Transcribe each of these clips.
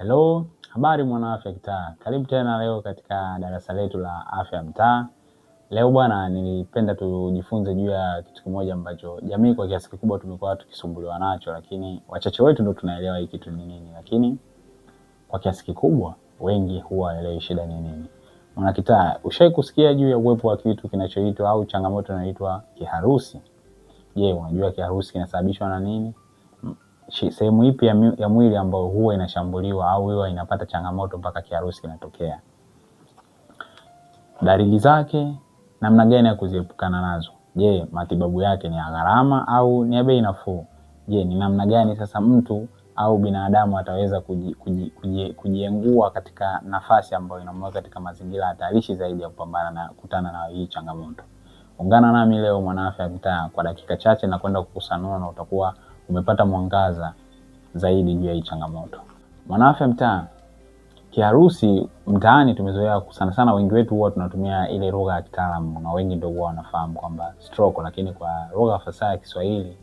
Hello, habari mwana afya kitaa, karibu tena leo katika darasa letu la afya ya mtaa. Leo bwana, nilipenda tujifunze juu ya kitu kimoja ambacho jamii kwa kiasi kikubwa tumekuwa tukisumbuliwa nacho, lakini wachache wetu ndio tunaelewa hii kitu ni nini, lakini kwa kiasi kikubwa wengi huwa elewi shida ni nini. Mwana kitaa, ushawahi kusikia juu ya uwepo wa kitu kinachoitwa au changamoto inaitwa kiharusi? Je, unajua kiharusi kinasababishwa na nini? sehemu ipi ya, mwili ambayo huwa inashambuliwa au huwa inapata changamoto mpaka kiharusi kinatokea, dalili zake, namna gani ya kuziepukana nazo. Je, matibabu yake ni ya gharama au ni ya bei nafuu? Je, ni namna gani sasa mtu au binadamu ataweza kujiengua kuji, kuji, kuji katika nafasi ambayo inamweka katika mazingira hatarishi zaidi ya kupambana na kutana na hii changamoto. Ungana nami leo mwanaafya Mtaa kwa dakika chache na kwenda kukusanua na utakuwa umepata mwangaza zaidi juu ya hii changamoto. Mwanawake mtaa, kiharusi mtaani tumezoea sana sana, wengi wetu huwa tunatumia ile lugha ya kitaalamu na wengi ndio huwa wanafahamu kwamba stroke, lakini kwa lugha fasaha ya Kiswahili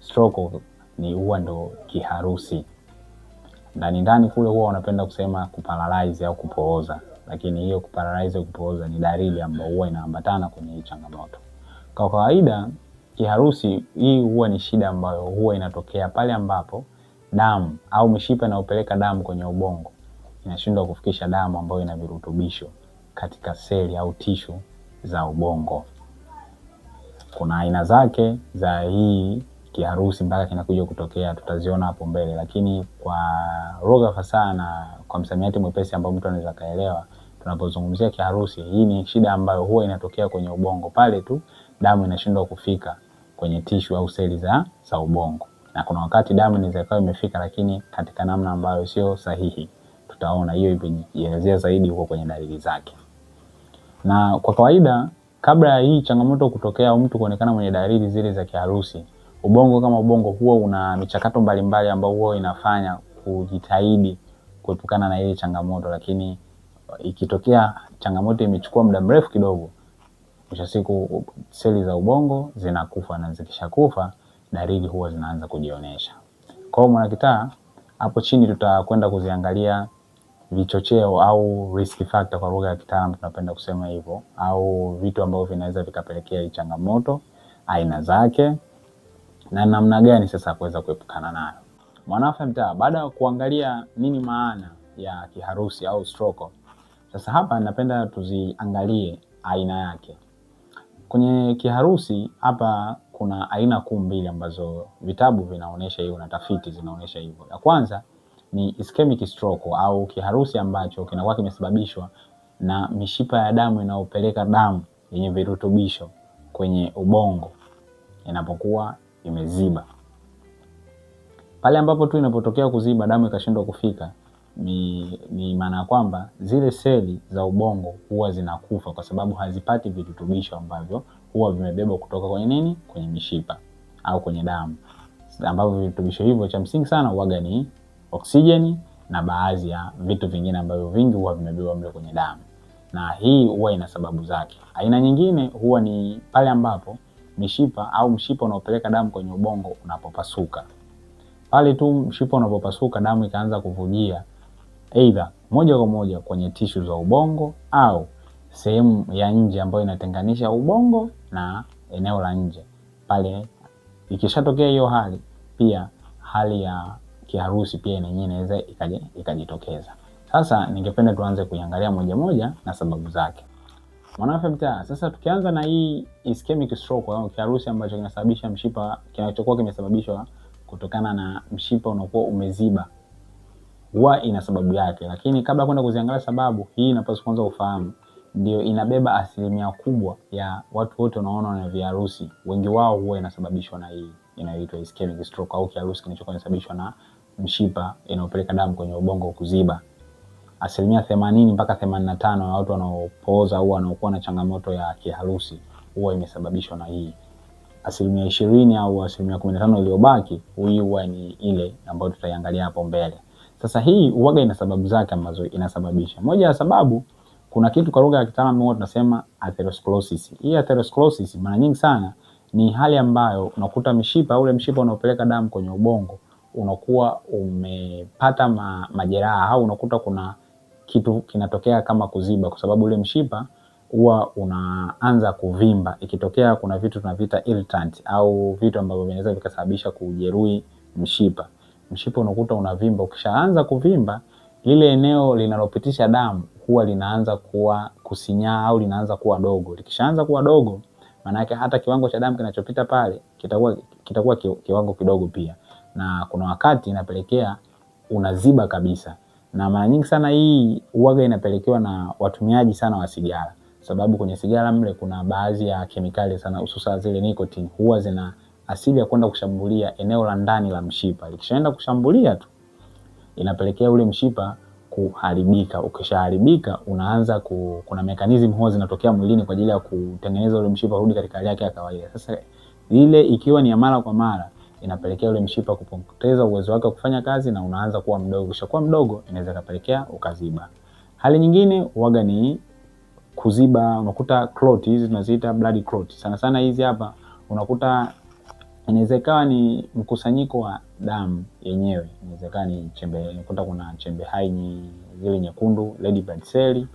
stroke ni huwa ndo kiharusi. Ndani ndani kule huwa wanapenda kusema kuparalyze au kupooza, lakini hiyo kuparalyze au kupooza ni dalili ambayo huwa inaambatana kwenye hii changamoto. Kwa kawaida kiharusi, hii huwa ni shida ambayo huwa inatokea pale ambapo damu au mishipa inayopeleka damu kwenye ubongo inashindwa kufikisha damu ambayo ina virutubisho katika seli au tishu za ubongo. Kuna aina zake za hii kiharusi mpaka kinakuja kutokea, tutaziona hapo mbele, lakini kwa lugha fasaha na kwa msamiati mwepesi ambao mtu anaweza kaelewa, tunapozungumzia kiharusi, hii ni shida ambayo huwa inatokea kwenye ubongo pale tu damu inashindwa kufika kwenye tishu au seli za, za ubongo, na kuna wakati damu inaweza ikawa imefika lakini katika namna ambayo sio sahihi. Tutaona hiyo imejielezea zaidi huko kwenye dalili zake. Na kwa kawaida kabla ya hii changamoto kutokea au mtu kuonekana mwenye dalili zile za kiharusi, ubongo kama ubongo huwa una michakato mbalimbali ambayo huwa inafanya kujitahidi kuepukana na hili changamoto, lakini ikitokea changamoto imechukua muda mrefu kidogo Mwisho wa siku seli za ubongo zinakufa, na zikishakufa dalili huwa zinaanza kujionyesha. Kwa hiyo mwanakitaa, hapo chini tutakwenda kuziangalia vichocheo au risk factor, kwa lugha ya kitaalamu tunapenda kusema hivyo, au vitu ambavyo vinaweza vikapelekea hii changamoto, aina zake na namna gani sasa kuweza kuepukana nayo. Mwanaafya mtaa, baada ya kuangalia nini maana ya kiharusi au stroke, sasa hapa napenda tuziangalie aina yake. Kwenye kiharusi hapa kuna aina kuu mbili ambazo vitabu vinaonyesha hiyo na tafiti zinaonyesha hivyo. Ya kwanza ni ischemic stroke au kiharusi ambacho kinakuwa kimesababishwa na mishipa ya damu inayopeleka damu yenye virutubisho kwenye ubongo inapokuwa imeziba. Pale ambapo tu inapotokea kuziba, damu ikashindwa kufika, ni, ni maana ya kwamba zile seli za ubongo huwa zinakufa kwa sababu hazipati virutubisho ambavyo huwa vimebebwa kutoka kwenye nini, kwenye mishipa au kwenye damu, ambavyo virutubisho hivyo cha msingi sana huwaga ni oksijeni na baadhi ya vitu vingine ambavyo vingi huwa vimebebwa mle kwenye damu, na hii huwa ina sababu zake. Aina nyingine huwa ni pale ambapo mishipa au mshipa unaopeleka damu kwenye ubongo unapopasuka. Pale tu mshipa unapopasuka, damu ikaanza kuvujia aidha moja kwa moja kwenye tishu za ubongo au sehemu ya nje ambayo inatenganisha ubongo na eneo la nje. Pale ikishatokea hiyo hali, pia hali ya kiharusi pia yenyewe inaweza ikajitokeza. Sasa ningependa tuanze kuiangalia moja moja na sababu zake. Mwanaafya sasa tukianza na hii ischemic stroke au kiharusi ambacho kinasababisha mshipa kinachokuwa kimesababishwa kutokana na mshipa unakuwa umeziba huwa ina sababu yake, lakini kabla kwenda kuziangalia sababu, hii inapaswa kwanza ufahamu ndio inabeba asilimia kubwa ya watu wote wanaona na viharusi, wengi wao huwa inasababishwa na hii inayoitwa ischemic stroke au kiharusi kinachokuwa inasababishwa na mshipa inayopeleka damu kwenye ubongo kuziba. Asilimia themanini mpaka themanini na tano ya watu wanaopooza au wanaokuwa na changamoto ya kiharusi huwa imesababishwa na hii. Asilimia ishirini au asilimia kumi na tano iliyobaki, hii huwa ni ile ambayo tutaiangalia hapo mbele. Sasa hii uwaga ina sababu zake ambazo inasababisha. Moja ya sababu kuna kitu kwa lugha ya kitaalamu huwa tunasema atherosclerosis. Hii atherosclerosis mara nyingi sana ni hali ambayo unakuta mishipa, ule mshipa unaopeleka damu kwenye ubongo unakuwa umepata ma, majeraha au unakuta kuna kitu kinatokea kama kuziba, kwa sababu ule mshipa huwa unaanza kuvimba. Ikitokea kuna vitu tunaviita irritant au vitu ambavyo vinaweza vikasababisha kujeruhi mshipa mshipa unakuta unavimba. Ukishaanza kuvimba, lile eneo linalopitisha damu huwa linaanza kuwa kusinyaa au linaanza kuwa dogo. Likishaanza kuwa dogo, maana yake hata kiwango cha damu kinachopita pale kitakuwa kitakuwa kiwango kidogo pia, na kuna wakati inapelekea unaziba kabisa, na mara nyingi sana hii uwaga inapelekewa na watumiaji sana wa sigara, sababu kwenye sigara mle kuna baadhi ya kemikali sana, hususan zile nicotine huwa zina asili ya kwenda kushambulia eneo la ndani la mshipa. Likishaenda kushambulia tu inapelekea ule mshipa kuharibika. Ukishaharibika unaanza ku, kuna mekanizmu huwa zinatokea mwilini kwa ajili ya kutengeneza ule mshipa urudi katika hali yake ya kawaida. Sasa ile ikiwa ni ya mara kwa mara inapelekea ule mshipa kupoteza uwezo wake wa kufanya kazi na unaanza kuwa mdogo. Ukishakuwa mdogo inaweza kapelekea ukaziba. Hali nyingine waga ni kuziba, unakuta clot hizi tunaziita blood clot. Sana sana hizi hapa unakuta inaweza ikawa ni mkusanyiko wa damu yenyewe, inaweza ikawa ni chembe, nakuta kuna chembe hai ni zile nyekundu red blood cell,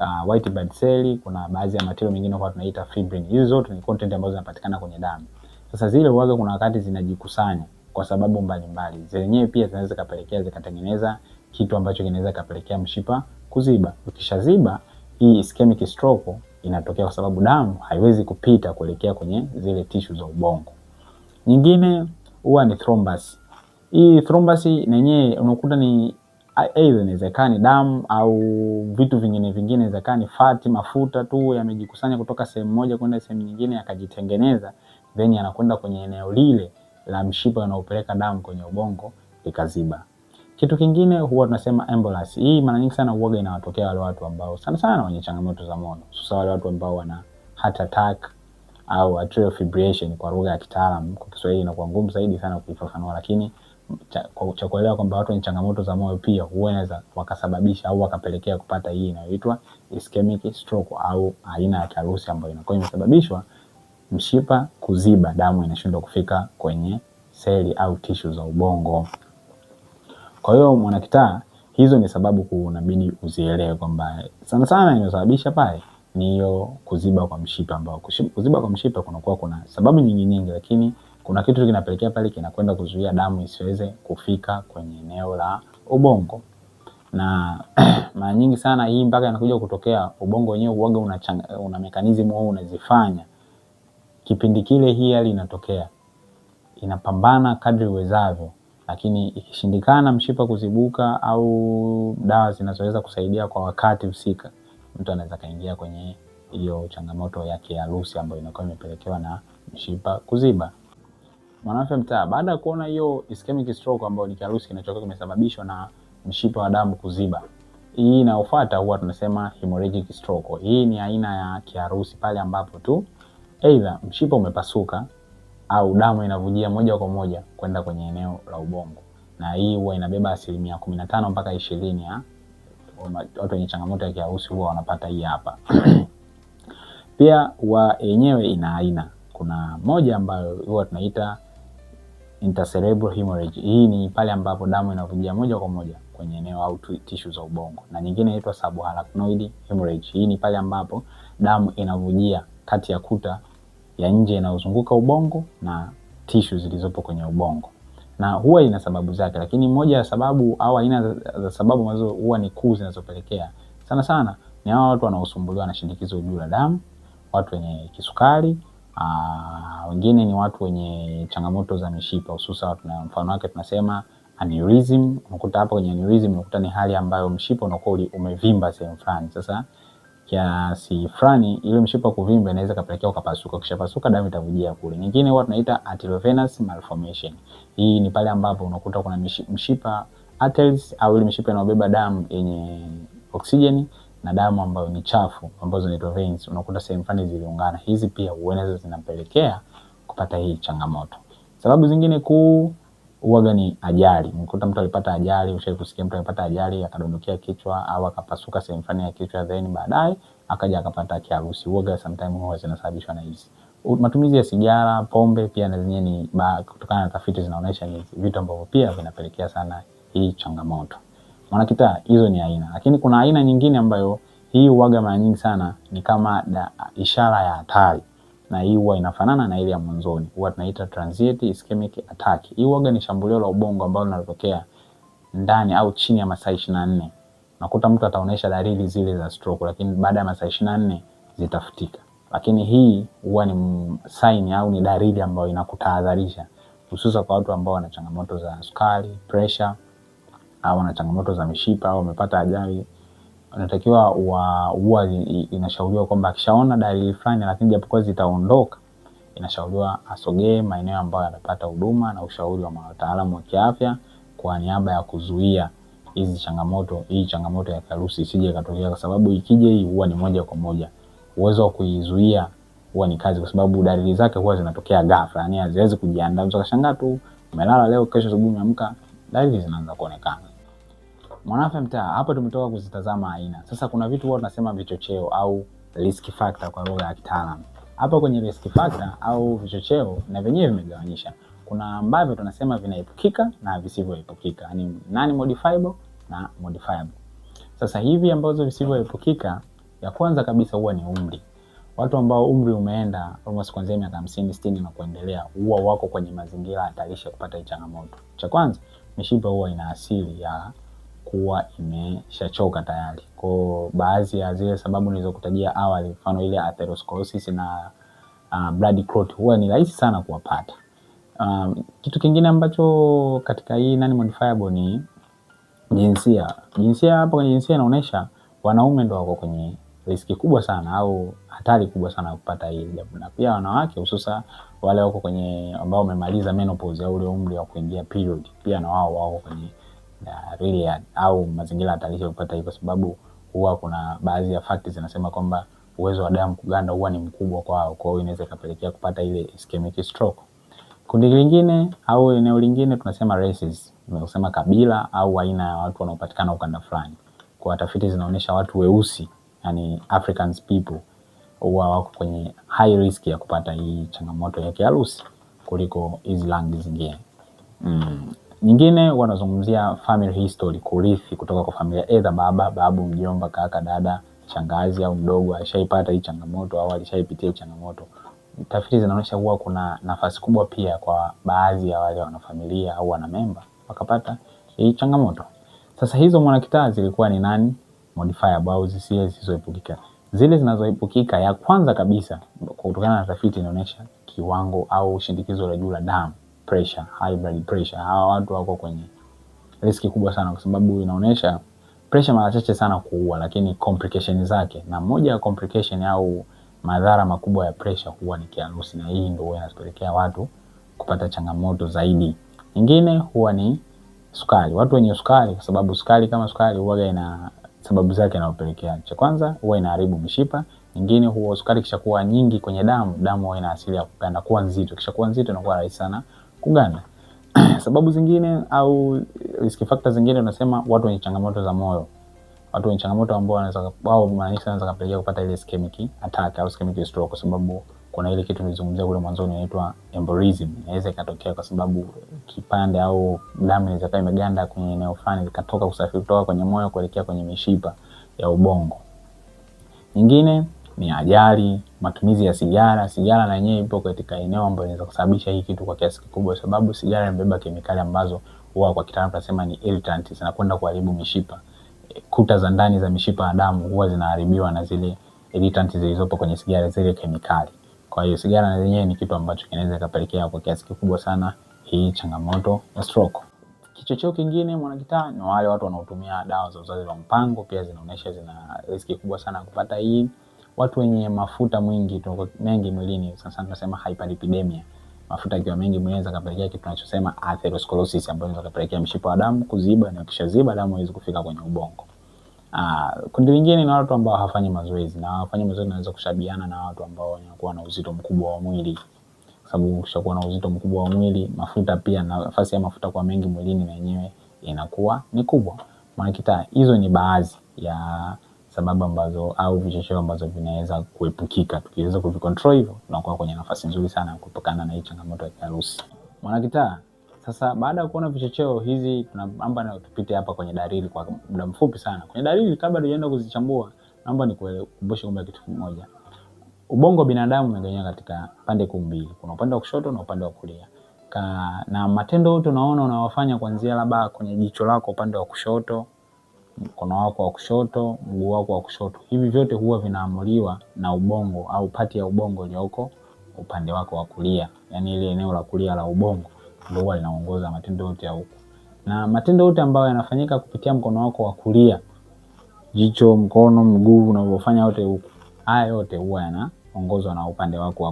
uh, white blood cell, kuna baadhi ya material mengine kwa tunaita fibrin. Hizo zote ni content ambazo zinapatikana kwenye damu. Sasa zile huaga kuna wakati zinajikusanya kwa sababu mbalimbali, zenyewe pia zinaweza kapelekea zikatengeneza kitu ambacho kinaweza kapelekea mshipa kuziba. Ukishaziba hii ischemic stroke inatokea kwa sababu damu haiwezi kupita kuelekea kwenye zile tishu za ubongo. Nyingine huwa ni thrombus. Hii thrombus nenyewe unakuta ni aidha inawezekana ni damu au vitu vingine vingine, inawezekana ni fati, mafuta tu yamejikusanya kutoka sehemu moja kwenda sehemu nyingine yakajitengeneza, then yanakwenda kwenye eneo lile la mshipa unaopeleka damu kwenye ubongo ikaziba. Kitu kingine huwa tunasema embolus. Hii mara nyingi sana huwa inawatokea wale watu ambao sana sana wenye changamoto za moyo, hususan wale watu ambao wana heart attack au atrial fibrillation kwa lugha ya kitaalam Kwa Kiswahili inakuwa ngumu zaidi sana kuifafanua, lakini cha, kuelewa kwamba watu wenye changamoto za moyo pia huweza wakasababisha au wakapelekea kupata hii inayoitwa ischemic stroke au aina ya kiharusi ambayo inakuwa imesababishwa mshipa kuziba, damu inashindwa kufika kwenye seli au tishu za ubongo. Kwa hiyo mwanakitaa, hizo ni sababu kuu, unabidi uzielewe kwamba sana sana inasababisha pale ni hiyo kuziba kwa mshipa, ambao kuziba kwa mshipa kunakuwa kuna sababu nyingi nyingi, lakini kuna kitu kinapelekea pale kinakwenda kuzuia damu isiweze kufika kwenye eneo la ubongo na mara nyingi sana hii mpaka inakuja kutokea ubongo wenyewe uoga una, una mekanizimu au unazifanya kipindi kile hii hali inatokea, inapambana kadri uwezavyo, lakini ikishindikana mshipa kuzibuka au dawa zinazoweza kusaidia kwa wakati husika, mtu anaweza kaingia kwenye hiyo changamoto ya kiharusi ambayo inakuwa imepelekewa na mshipa kuziba. Mwanamke mtaa, baada ya kuona hiyo ischemic stroke ambayo ni kiharusi kinachokuwa kimesababishwa na mshipa wa damu kuziba, hii inayofuata huwa tunasema hemorrhagic stroke. Hii ni aina ya kiharusi pale ambapo tu aidha mshipa umepasuka au damu inavujia moja kwa moja kwenda kwenye eneo la ubongo, na hii huwa inabeba asilimia 15 mpaka 20 ya watu wenye changamoto ya kiharusi huwa wanapata hii hapa. Pia wa yenyewe ina aina, kuna moja ambayo huwa tunaita intracerebral hemorrhage. Hii ni pale ambapo damu inavujia moja kwa moja kwenye eneo au tishu za ubongo, na nyingine inaitwa subarachnoid hemorrhage. Hii ni pale ambapo damu inavujia kati ya kuta ya nje inayozunguka ubongo na tishu zilizopo kwenye ubongo na huwa ina sababu zake, lakini moja ya sababu au aina za sababu ambazo huwa ni kuu zinazopelekea sana sana ni hao watu wanaosumbuliwa na shinikizo juu la damu, watu wenye kisukari, aa, wengine ni watu wenye changamoto za mishipa hususa, na mfano wake tunasema aneurysm. Unakuta hapo kwenye aneurysm unakuta ni hali ambayo mshipa unakuwa umevimba sehemu fulani sasa kiasi fulani, ile mshipa kuvimba inaweza kapelekea ukapasuka, kisha pasuka damu itavujia kule. Nyingine huwa tunaita arteriovenous malformation. Hii ni pale ambapo unakuta kuna mshipa arteries au ile mshipa inayobeba damu yenye oksijeni na damu ambayo ni chafu ambazo zinaitwa veins, unakuta sehemu fulani ziliungana. Hizi pia huenda zinapelekea kupata hii changamoto. Sababu zingine kuu huwaga ni ajali. mkuta mtu alipata ajali, ushawahi kusikia mtu alipata ajali akadondokea kichwa au akapasuka sehemu fulani ya kichwa, then baadaye akaja akapata kiharusi. Huwaga sometimes huwa zinasababishwa na hizi matumizi ya sigara, pombe pia na zenyewe ni kutokana na tafiti zinaonyesha ni vitu ambavyo pia vinapelekea sana hii changamoto. Mwanakita, hizo ni aina, lakini kuna aina nyingine ambayo hii huwaga mara nyingi sana ni kama da, ishara ya hatari na hii huwa inafanana na ile ya mwanzoni, huwa tunaita transient ischemic attack. Hii huwa ni shambulio la ubongo ambalo linatokea ndani au chini ya masaa 24. Nakuta mtu ataonesha dalili zile za stroke, lakini baada ya masaa 24 zitafutika. Lakini hii huwa ni sign au ni dalili ambayo inakutahadharisha, hususa kwa watu ambao wana changamoto za sukari, pressure au wana changamoto za mishipa au wamepata ajali anatakiwa huwa inashauriwa kwamba akishaona dalili fulani, lakini japokuwa zitaondoka, inashauriwa asogee maeneo ambayo anapata huduma na ushauri wa wataalamu wa kiafya kwa niaba ya kuzuia hizi changamoto, hii changamoto ya kiharusi isije ikatokea, kwa sababu ikija hii huwa ni moja kwa moja. Uwezo wa kuizuia huwa ni kazi, kwa sababu dalili zake huwa zinatokea ghafla, yani haziwezi kujiandaa. Mtu akashangaa tu umelala leo, kesho asubuhi umeamka, dalili zinaanza kuonekana. Mwanafe mtaa hapo tumetoka kuzitazama aina. Sasa kuna vitu huwa tunasema vichocheo au risk factor kwa lugha ya kitaalamu. Hapa kwenye risk factor au vichocheo na vyenyewe vimegawanyisha. Kuna ambavyo tunasema vinaepukika na visivyoepukika, yani non modifiable na modifiable. Sasa hivi ambazo visivyoepukika, ya kwanza kabisa huwa ni umri. Watu ambao umri umeenda almost kuanzia miaka 50 60 na kuendelea huwa wako kwenye mazingira hatarishi ya kupata hii changamoto. Cha kwanza, mishipa huwa ina asili ya kuwa imeshachoka tayari. Kwa baadhi ya zile sababu nilizokutajia awali, mfano ile atherosclerosis na uh, blood clot huwa ni rahisi sana kuwapata. Um, kitu kingine ambacho katika hii nani modifiable ni jinsia. Jinsia hapo kwenye jinsia inaonyesha wanaume ndo wako kwenye riski kubwa sana au hatari kubwa sana kupata hii jambo, na pia wanawake hususa wale wako kwenye ambao wamemaliza menopause au ule umri wa kuingia period, pia na wao wako kwenye ya really au mazingira hatarishi kupata hii, kwa sababu huwa kuna baadhi ya fakti zinasema kwamba uwezo wa damu kuganda huwa ni mkubwa kwao, kwa hiyo inaweza ikapelekea kupata ile ischemic stroke. Kundi lingine au eneo lingine tunasema races, tunasema kabila au aina ya watu wanaopatikana ukanda fulani. Kwa tafiti zinaonyesha watu weusi, yani Africans people, huwa wako kwenye high risk ya kupata hii changamoto ya kiharusi kuliko hizi rangi zingine mm. Nyingine wanazungumzia family history, kurithi kutoka kwa familia, edha baba, babu, mjomba, kaka, dada, shangazi au mdogo alishaipata hii changamoto au alishaipitia changamoto. Tafiti zinaonyesha huwa kuna nafasi kubwa pia kwa baadhi ya wale wanafamilia au wanamemba wakapata hii changamoto. Sasa hizo mwanakitaa zilikuwa ni nani? Modifiable zisizoepukika. Zile zinazoepukika, ya kwanza kabisa kutokana na tafiti inaonyesha kiwango au shindikizo la juu la damu pressure, high blood pressure. Hawa watu wako kwenye riski kubwa sana, kwa sababu inaonyesha pressure mara chache sana kuua, lakini complication zake, na moja ya complication au madhara makubwa ya pressure huwa ni kiharusi, na hii ndio inapelekea watu kupata changamoto zaidi. Nyingine huwa ni sukari, watu wenye sukari, kwa sababu sukari kama sukari huwa ina sababu zake inayopelekea. Cha kwanza huwa inaharibu mishipa. Nyingine huwa sukari kishakuwa nyingi kwenye damu, damu huwa ina asili ya kupanda kuwa nzito, kishakuwa nzito inakuwa rahisi sana kuganda sababu zingine au risk zingine unasema watu wenye changamoto za moyo, watu wenye changamoto ambao wanaweza wao mara nyingi kupata ile ischemic attack au ischemic stroke, kwa sababu kuna ile kitu nilizungumzia kule mwanzoni inaitwa embolism. Inaweza ikatokea kwa sababu kipande au damu inaweza kuwa imeganda kwenye eneo fulani ikatoka kusafiri kutoka kwenye moyo kuelekea kwenye mishipa ya ubongo. Nyingine ni ajali, matumizi ya sigara. Sigara na yenyewe ipo katika eneo ambayo inaweza kusababisha hii kitu kwa kiasi kikubwa, sababu sigara imebeba kemikali ambazo huwa kwa kitaalamu tunasema ni irritant, zinakwenda kuharibu mishipa. Kuta za ndani za mishipa ya damu huwa zinaharibiwa na zile irritant zilizopo kwenye sigara, zile kemikali. Kwa hiyo sigara na yenyewe ni kitu ambacho kinaweza kapelekea kwa kiasi kikubwa sana hii changamoto ya stroke. Kichocheo kingine mwanakitaa ni wale watu wanaotumia dawa za uzazi wa mpango, pia zinaonyesha zina riski kubwa sana kupata hii watu wenye mafuta mwingi tuko mengi mwilini, sasa tunasema hyperlipidemia. Mafuta yakiwa mengi mwilini yanaweza kapelekea kitu tunachosema atherosclerosis, ambayo inaweza kapelekea mshipa wa damu kuziba, na kisha ziba damu haiwezi kufika kwenye ubongo. Ah, kundi lingine ni watu ambao hawafanyi mazoezi, na hawafanyi mazoezi naweza kushabiana na watu ambao wanakuwa na uzito mkubwa wa mwili kwa sababu ukishakuwa na uzito mkubwa wa mwili, mafuta pia, nafasi ya mafuta kwa mengi mwilini na yenyewe inakuwa ni kubwa. Maana hizo ni baadhi ya sababu ambazo au vichocheo ambazo vinaweza kuepukika. Tukiweza kuvikontrol hivyo, tunakuwa kwenye nafasi nzuri sana ya kuepukana na hii changamoto ya kiharusi. Mwanagitaa, sasa baada ya kuona vichocheo hizi, tunaomba na tupite hapa kwenye dalili kwa muda mfupi sana. Kwenye dalili, kabla tujaenda kuzichambua, naomba nikukumbushe kwamba kitu kimoja, ubongo wa binadamu umegawanyika katika pande kuu mbili, kuna upande wa kushoto na upande wa kulia ka, na matendo yote unaona unawafanya kuanzia labda kwenye jicho lako upande wa kushoto mkono wako wa kushoto, mguu wako wa kushoto. Hivi vyote huwa vinaamuliwa na ubongo au pati ya ubongo iliyoko upande wako wa kulia, yaani ile eneo la kulia la ubongo ndio huwa linaongoza matendo yote ya huko, na matendo yote ambayo yanafanyika kupitia mkono wako wa kulia, jicho, mkono, mguu, unavyofanya yote huko, haya yote huwa yanaongozwa na upande wako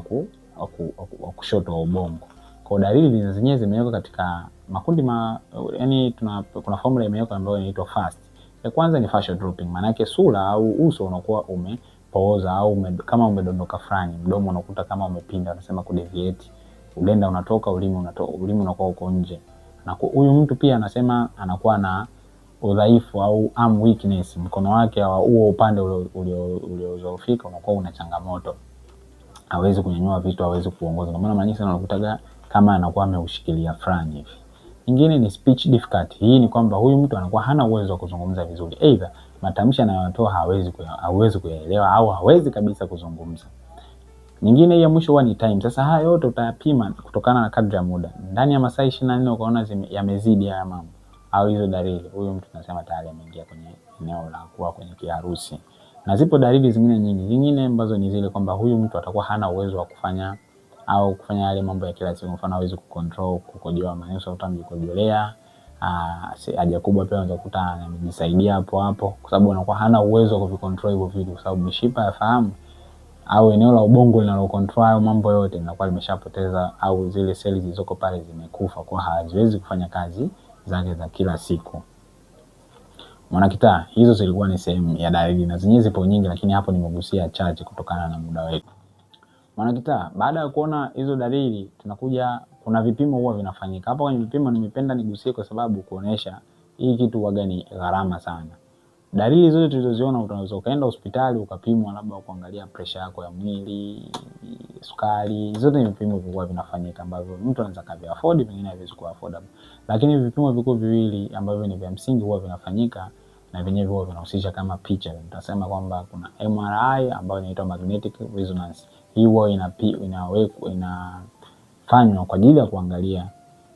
wa kushoto wa ubongo. Kwa dalili zenyewe zimewekwa katika makundi ma, yani tuna, kuna formula imewekwa ambayo inaitwa FAST ya kwanza ni facial drooping, maana yake sura au uso unakuwa umepooza au ume, kama umedondoka fulani, mdomo unakuta kama umepinda, unasema kudeviate, ulenda unatoka, ulimi unatoka, ulimi unakuwa uko nje. Na huyu mtu pia anasema anakuwa na udhaifu au arm weakness, mkono wake au huo upande uliozoofika unakuwa una changamoto, hawezi kunyanyua vitu, hawezi kuongoza. Kwa maana mara nyingi sana unakutaga kama anakuwa ameushikilia fulani hivi. Nyingine ni speech difficult. Hii ni kwamba huyu mtu anakuwa hana uwezo wa kuzungumza vizuri, Either matamshi anayotoa hawezi hawezi kuyaelewa au hawezi kabisa kuzungumza. Nyingine ya mwisho huwa ni time. Sasa haya yote utayapima kutokana na kadri ya muda, ndani ya masaa 24 ukaona yamezidi haya mambo au hizo dalili, huyu mtu tunasema tayari ameingia kwenye eneo la kuwa kwenye kiharusi. Na zipo dalili zingine nyingi, zingine ambazo ni zile kwamba huyu mtu atakuwa hana uwezo wa kufanya au kufanya yale mambo ya kila siku, mfano hawezi kucontrol kukojoa, maana sio kujolea ah, haja kubwa. Pia unaweza kukuta amejisaidia hapo hapo, kwa sababu anakuwa hana uwezo wa kuvicontrol hivyo vitu, kwa sababu mishipa ya fahamu au eneo la ubongo linalocontrol hayo mambo yote linakuwa limeshapoteza, au zile seli zilizoko pale zimekufa, kwa haziwezi kufanya kazi zake za kila siku. Mwanakitaa, hizo zilikuwa ni sehemu ya dalili na zenyewe zipo nyingi, lakini hapo nimegusia chache kutokana na muda wetu. Mwanagitaa, baada ya kuona hizo dalili, tunakuja kuna vipimo huwa vinafanyika. Hapa kwenye vipimo nimependa nigusie kwa sababu kuonesha hii kitu huwaga ni gharama sana. Dalili zote tulizoziona, unaweza ukaenda hospitali ukapimwa, labda kuangalia presha yako ya mwili, sukari, zote ni vipimo vilikuwa vinafanyika ambavyo mtu anaweza kavi afford, mwingine hawezi kuwa affordable. Lakini vipimo vikuu viwili ambavyo ni vya msingi huwa vinafanyika na vyenyewe huwa vinahusisha kama picha, tutasema kwamba kuna MRI ambayo inaitwa magnetic resonance huwa inawekwa inafanywa kwa ajili ya kuangalia,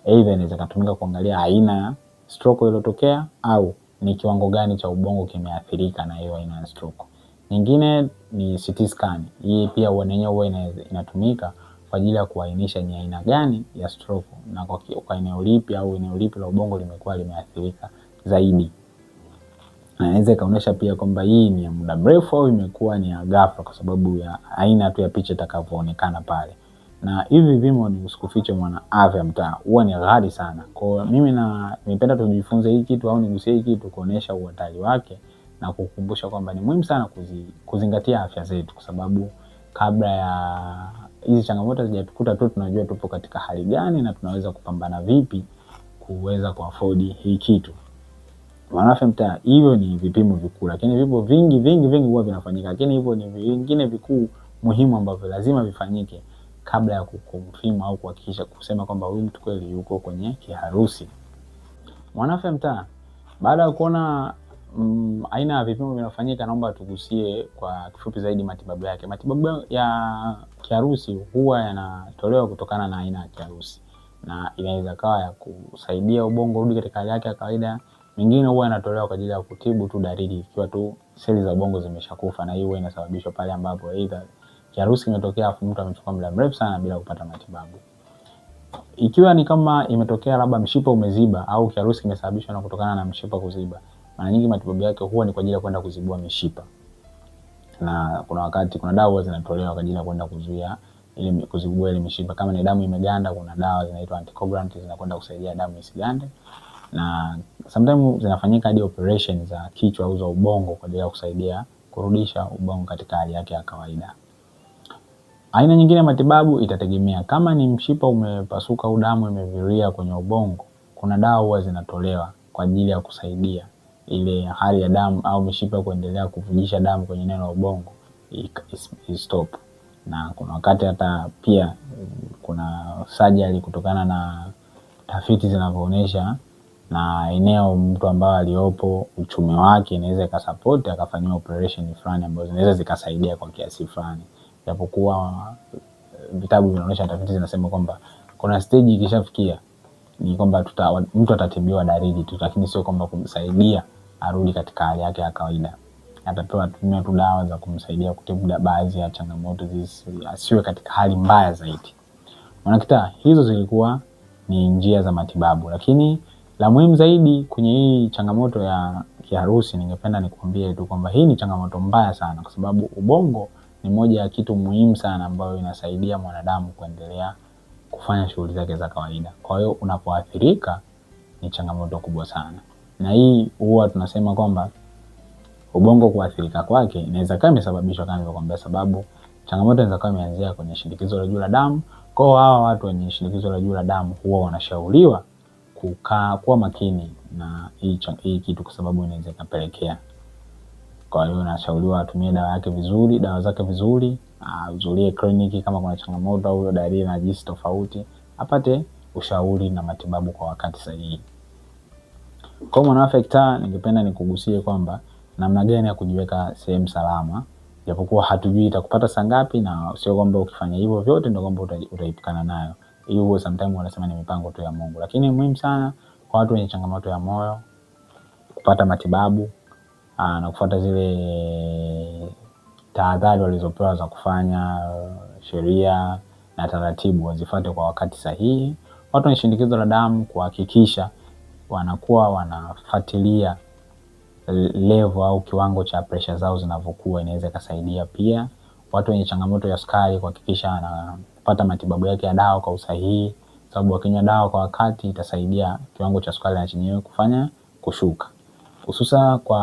aidha inaweza kutumika kuangalia aina ya stroke iliyotokea au ni kiwango gani cha ubongo kimeathirika na hiyo aina ya stroke. Nyingine ni CT scan. Hii pia huwa inatumika kwa ajili ya kuainisha ni aina gani ya stroke na kwa eneo lipi au eneo lipi la ubongo limekuwa limeathirika zaidi na inaweza ikaonyesha pia kwamba hii ni ya muda mrefu au imekuwa ni ya ghafla, kwa sababu ya aina tu ya picha itakavyoonekana pale. Na hivi vimo ni usikufiche, mwana afya mtaa huwa ni ghali sana. Kwa mimi na nipenda tujifunze hii kitu au nigusie hii kitu kuonesha uhatari wake na kukumbusha kwamba ni muhimu sana kuzi, kuzingatia afya zetu, kwa sababu kabla ya hizi changamoto zijatukuta tu tunajua tupo katika hali gani na tunaweza kupambana vipi kuweza kuafodi hii kitu. Maanake mtaa hivyo ni vipimo vikuu, lakini vipo vingi vingi vingi huwa vinafanyika, lakini hivyo ni vingine vikuu muhimu ambavyo lazima vifanyike kabla ya kumfima au kuhakikisha kusema kwamba huyu mtu kweli yuko kwenye kiharusi. Mwanafya mtaa, baada ya kuona mm, aina ya vipimo vinafanyika, naomba tugusie kwa kifupi zaidi matibabu yake. Matibabu ya kiharusi huwa yanatolewa kutokana na aina ya kiharusi, na inaweza kawa ya kusaidia ubongo urudi katika hali yake ya kawaida Mingine huwa inatolewa kwa ajili ya kutibu tu dalili, ikiwa tu seli za ubongo zimeshakufa, na hii huwa inasababishwa pale ambapo aidha kiharusi kimetokea afu mtu amechukua muda mrefu sana bila kupata matibabu. Ikiwa ni kama imetokea labda mshipa umeziba au kiharusi kimesababishwa na kutokana na mshipa kuziba, mara nyingi matibabu yake huwa ni kwa ajili ya kwenda kuzibua mishipa, na kuna wakati kuna dawa huwa zinatolewa kwa ajili ya kwenda kuzuia ili kuzibua ile mishipa. Kama ni damu imeganda, kuna dawa zinaitwa anticoagulant zinakwenda kusaidia damu isigande na sometimes zinafanyika hadi operation za kichwa au za ubongo kwa ajili ya kusaidia kurudisha ubongo katika hali yake ya kawaida. Aina nyingine ya matibabu itategemea kama ni mshipa umepasuka au damu imeviria kwenye ubongo, kuna dawa huwa zinatolewa kwa ajili ya kusaidia ile hali ya damu au mishipa kuendelea kuvujisha damu kwenye eneo la ubongo istop, na kuna wakati hata pia kuna surgery kutokana na tafiti zinavyoonyesha na eneo mtu ambaye aliopo uchumi wake inaweza ikasapoti akafanyiwa operation fulani ambazo zinaweza zikasaidia kwa kiasi fulani, japokuwa eh, vitabu vinaonyesha, tafiti zinasema kwamba kuna stage ikishafikia ni kwamba mtu atatibiwa dalili tu, lakini sio kwamba kumsaidia arudi katika hali yake ya kawaida. Atapewa tumia tu dawa za kumsaidia kutibu baadhi ya changamoto asiwe katika hali mbaya zaidi. Mwanakita, hizo zilikuwa ni njia za matibabu, lakini la muhimu zaidi kwenye hii changamoto ya kiharusi, ningependa nikuambie tu kwamba hii ni changamoto mbaya sana, kwa sababu ubongo ni moja ya kitu muhimu sana ambayo inasaidia mwanadamu kuendelea kufanya shughuli zake za kawaida. Kwa hiyo unapoathirika ni changamoto kubwa sana, na hii huwa tunasema kwamba ubongo kuathirika kwake inaweza kama imesababishwa kama nilivyokuambia, sababu changamoto inaweza kama imeanzia kwenye shinikizo la juu la damu. Kwa hiyo hawa watu wenye shinikizo la juu la damu huwa wanashauriwa kukaa kuwa makini na hii kitu kwa sababu inaweza ikapelekea. Kwa hiyo nashauriwa atumie dawa yake vizuri, dawa zake vizuri, ahudhurie kliniki kama kuna changamoto au dalili na jinsi tofauti, apate ushauri na matibabu kwa wakati sahihi. Kwa mwana ningependa nikugusie kwamba namna gani ya kujiweka sehemu salama, japokuwa hatujui itakupata saa ngapi, na sio kwamba ukifanya hivyo vyote ndio kwamba utaipikana nayo hiyo huwa sometimes wanasema ni mipango tu ya Mungu, lakini muhimu sana kwa watu wenye changamoto ya moyo kupata matibabu aa, ah, na kufuata zile tahadhari walizopewa za kufanya sheria na taratibu wazifuate kwa wakati sahihi. Watu wenye shinikizo la damu kuhakikisha wanakuwa wanafuatilia level au kiwango cha presha zao zinavyokuwa, inaweza ikasaidia pia. Watu wenye changamoto ya sukari kuhakikisha wana kupata matibabu yake ya dawa kwa usahihi, sababu wakinywa dawa kwa wakati itasaidia kiwango cha sukari ya chenyewe kufanya kushuka, hususa kwa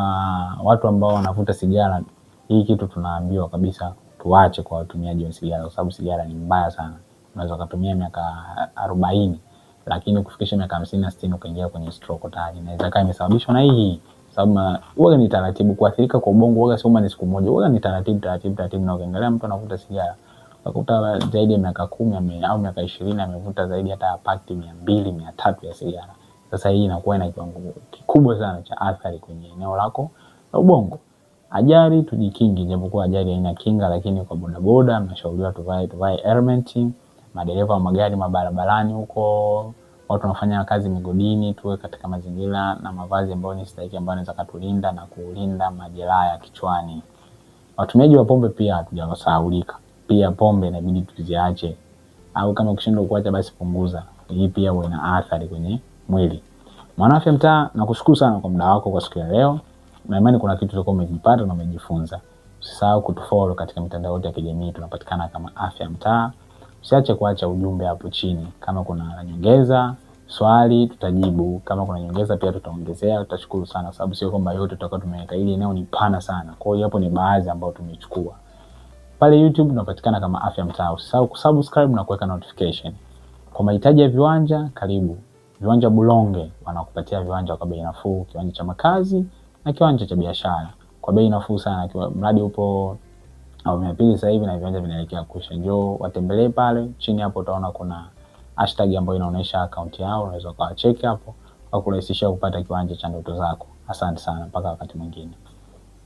watu ambao wanavuta sigara. Hii kitu tunaambiwa kabisa tuache kwa watumiaji wa sigara, kwa sababu sigara ni mbaya sana. Unaweza ukatumia miaka arobaini lakini kufikisha miaka hamsini na sitini ukaingia kwenye stroke tayari, inaweza kaa imesababishwa na hii sababu huwa ni taratibu kuathirika kwa ubongo, huwa sio ni siku moja, huwa ni taratibu taratibu taratibu, na ukiangalia mtu anavuta sigara utakuta zaidi ya miaka kumi au miaka ishirini amevuta zaidi hata ya pakti mia mbili mia tatu ya sigara. Sasa hii inakuwa ina kiwango kikubwa sana cha athari kwenye eneo lako la ubongo. Ajali tujikingi, japokuwa ajali haina kinga, lakini kwa bodaboda mnashauriwa tuvae tuvae helmet. Madereva wa magari mabarabarani huko, watu wanafanya kazi migodini, tuwe katika mazingira na mavazi ambayo ni stahiki, ambayo anaweza katulinda na kuulinda majeraha ya kichwani. Watumiaji wa pombe pia hatujawasahaulika. Pia pombe inabidi tuziache, au kama ukishindwa kuacha basi punguza. Hii pia huwa ina athari kwenye mwili. Mwanaafya Mtaa, nakushukuru sana kwa muda wako kwa siku ya leo, na imani kuna kitu utakuwa umejipata na umejifunza. Usisahau kutufollow katika mitandao yote ya kijamii, tunapatikana kama Afya Mtaa. Usiache kuacha ujumbe hapo chini, kama kuna nyongeza swali tutajibu, kama kuna nyongeza pia tutaongezea, tutashukuru sana, sababu sio kwamba yote tutakuwa tumeweka. ili eneo ni pana sana, kwa hiyo hapo ni baadhi ambayo tumechukua. Pale YouTube unapatikana kama Afya Mtaa. Usisahau kusubscribe na kuweka notification. Kwa mahitaji ya viwanja, karibu viwanja Bulonge, wanakupatia viwanja kwa bei nafuu, kiwanja cha makazi na kiwanja cha biashara kwa bei nafuu sana, kwa mradi upo au ya sasa hivi na viwanja vinaelekea kuisha. Njoo watembelee pale chini, hapo utaona kuna hashtag ambayo inaonyesha akaunti yao, unaweza ukawacheki hapo, kurahisisha kupata kiwanja cha ndoto zako. Asante sana, mpaka wakati mwingine.